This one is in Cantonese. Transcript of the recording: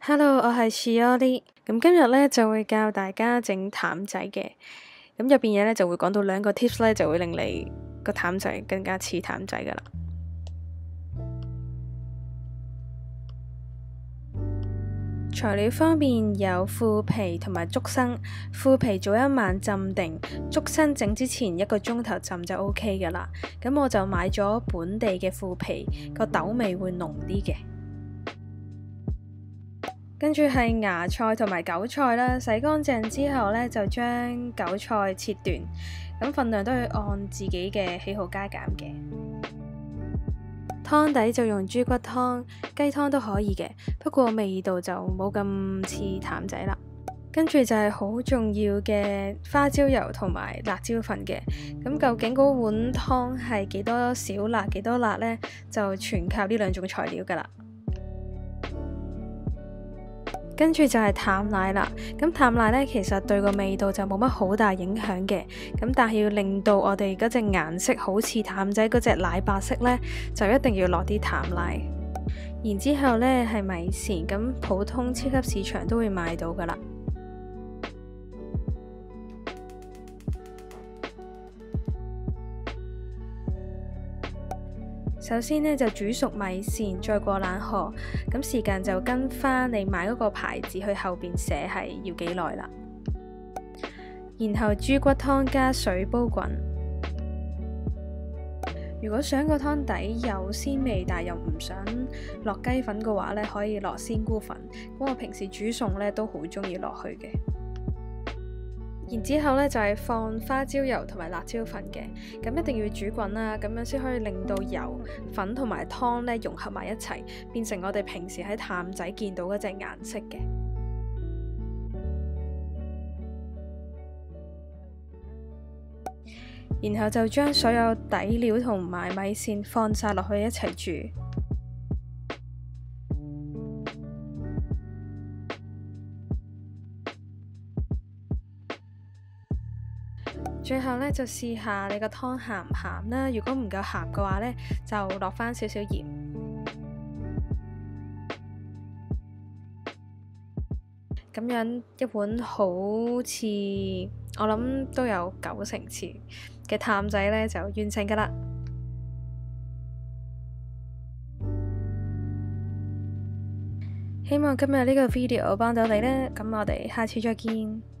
Hello，我係 Chiyoli，咁今日呢，就會教大家整譚仔嘅，咁入邊嘢呢就會講到兩個 tips 呢，就會令你個譚仔更加似譚仔噶啦。材料方面有腐皮同埋竹笙，腐皮早一晚浸定，竹笙整之前一個鐘頭浸就 OK 噶啦。咁我就買咗本地嘅腐皮，個豆味會濃啲嘅。跟住係芽菜同埋韭菜啦，洗乾淨之後呢，就將韭菜切段。咁份量都係按自己嘅喜好加減嘅。湯底就用豬骨湯、雞湯都可以嘅，不過味道就冇咁似淡仔啦。跟住就係好重要嘅花椒油同埋辣椒粉嘅。咁究竟嗰碗湯係幾多少辣、幾多辣呢？就全靠呢兩種材料㗎喇。跟住就係淡奶啦，咁淡奶咧其實對個味道就冇乜好大影響嘅，咁但係要令到我哋嗰隻顏色好似淡仔嗰隻奶白色咧，就一定要落啲淡奶。然之後咧係米線，咁普通超級市場都會買到噶啦。首先呢，就煮熟米線，再過冷河。咁時間就跟翻你買嗰個牌子，去後邊寫係要幾耐啦。然後豬骨湯加水煲滾。如果想個湯底有鮮味，但又唔想落雞粉嘅話呢，可以落鮮菇粉。咁我平時煮餸呢都好中意落去嘅。然之後呢，就係、是、放花椒油同埋辣椒粉嘅，咁一定要煮滾啦，咁樣先可以令到油粉同埋湯咧融合埋一齊，變成我哋平時喺譚仔見到嗰隻顏色嘅。 然後就將所有底料同埋米線放晒落去一齊煮。最後呢，就試下你個湯鹹唔鹹啦，如果唔夠鹹嘅話呢，就落翻少少鹽。咁樣一碗好似我諗都有九成似嘅譚仔呢，就完成噶啦。希望今日呢個 video 幫到你呢。咁我哋下次再見。